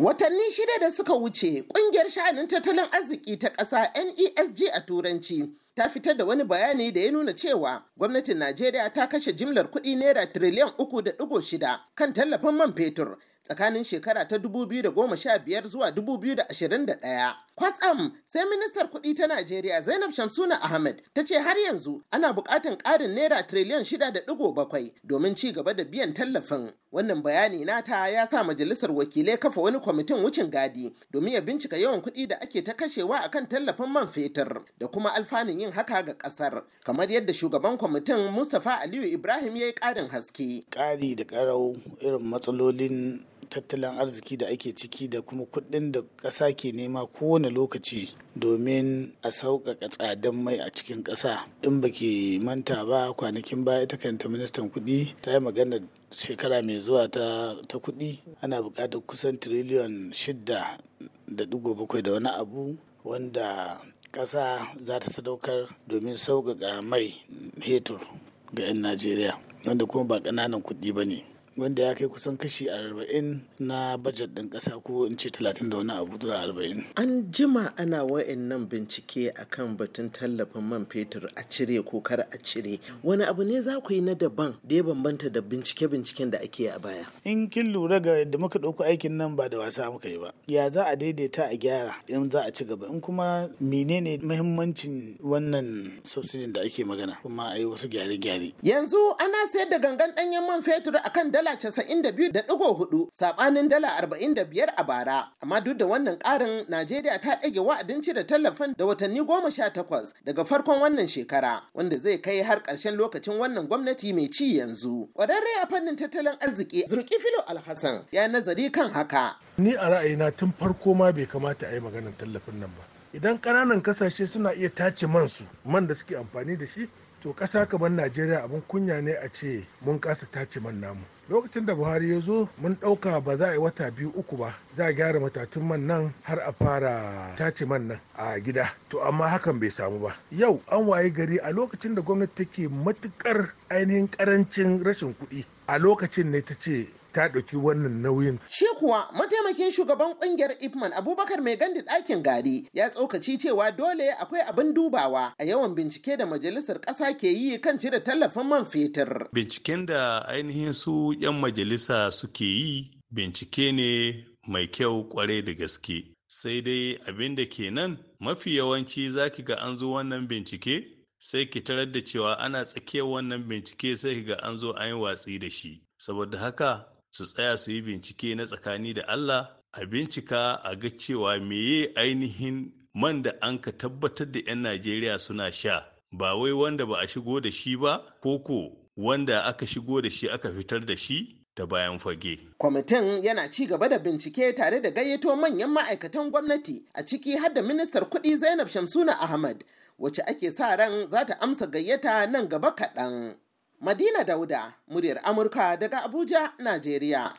Watanni shida da suka wuce, kungiyar sha'anin tattalin arziki ta ƙasa NESG a Turanci ta fitar da wani bayani da ya nuna cewa gwamnatin Najeriya ta kashe jimlar kuɗi naira tiriliyan uku da ɗigo kan tallafin man fetur tsakanin shekara ta 2015 zuwa 2021. Kwatsam sai ministar kuɗi ta Najeriya Zainab Shamsuna Ahmed ta ce har yanzu ana buƙatar ƙarin naira tiriliyan shida da bakwai domin ci gaba da biyan tallafin. Wannan bayani nata ya sa majalisar wakilai kafa wani kwamitin wucin gadi domin ya bincika yawan kuɗi da ake ta kashewa akan tallafin man fetur da kuma alfanun yin haka ga ƙasar. Kamar yadda shugaban kwamitin Mustapha Aliyu Ibrahim ya yi ƙarin haske. Ƙari da ƙarau irin matsalolin tattalin arziki da ake ciki da kuma kuɗin da ƙasa ke nema kowane lokaci domin a sauƙaƙa tsadan mai a cikin ƙasa in baki manta ba kwanakin baya ita kanta ministan kuɗi ta yi magana shekara mai zuwa ta kuɗi ana buƙatar kusan tiriliyon shidda da digo bakwai da wani abu wanda ƙasa za ta sadaukar domin sauƙaƙa mai hetur ga 'yan najeriya wanda kuma ba ƙananan kuɗi ba ne wanda ya kai kusan kashi 40 na bajet ɗin ƙasa ko in ce 30 da wani abu da 40. An jima ana wa'annan bincike akan batun tallafin man fetur a cire ko kar a cire. Wani abu ne za ku yi na daban da ya bambanta da bincike-binciken da ake a baya. In kin lura ga da muka ɗauko aikin nan ba da wasa muka yi ba. Ya za a daidaita a gyara in za a ci gaba in kuma menene muhimmancin wannan subsidin da ake magana kuma a yi wasu gyare-gyare. Yanzu ana sayar da gangan ɗanyen man fetur akan dala casa'in da biyu da ɗigo hudu saɓanin dala arba'in da biyar a bara. Amma duk da wannan ƙarin Najeriya ta ɗage wa'adin cire tallafin da watanni goma sha takwas daga farkon wannan shekara wanda zai kai har ƙarshen lokacin wannan gwamnati mai ci yanzu. Ƙwararre a fannin tattalin arziki zurki filo Alhassan ya nazari kan haka. Ni a ra'ayina tun farko ma bai kamata a yi maganar tallafin nan ba. Idan ƙananan kasashe suna iya tace man su man da suke amfani da shi to ƙasa kamar najeriya abin kunya ne a ce mun kasa tace man namu lokacin da buhari ya zo mun ɗauka ba za a yi wata biyu uku ba za a gyara matatun man nan har a fara tace man nan a gida to amma hakan bai samu ba yau an waye gari a lokacin da gwamnati take matukar ainihin ƙarancin rashin kuɗi a lokacin ne ta ce ta ɗauki wannan nauyin. Shi kuwa mataimakin shugaban Ƙungiyar Ipman Abubakar mai gandi ɗakin gari ya tsokaci cewa dole akwai abin dubawa a yawan bincike da majalisar ƙasa ke yi kan cire tallafin man fetur. Binciken da ainihin su 'yan majalisa suke yi bincike ne mai kyau kwarai da gaske. Sai dai abin da ke nan mafi yawanci zaki ga an zo wannan bincike sai ki tarar da cewa ana tsakiyar wannan bincike sai ki ga an zo an yi watsi da shi saboda haka su tsaya su yi bincike na tsakani da Allah a bincika a ga cewa meye ainihin man da an ka tabbatar da 'yan Najeriya suna sha ba wai wanda ba a shigo da shi ba koko wanda aka shigo da shi aka fitar da shi ta bayan fage. Kwamitin yana ci gaba da bincike tare da gayyato manyan ma'aikatan gwamnati a ciki har da ministar kuɗi Zainab Shamsuna Ahmad wacce ake sa ran za ta amsa gayyata nan gaba kaɗan. Madina Dauda, muryar Amurka daga Abuja, Najeriya.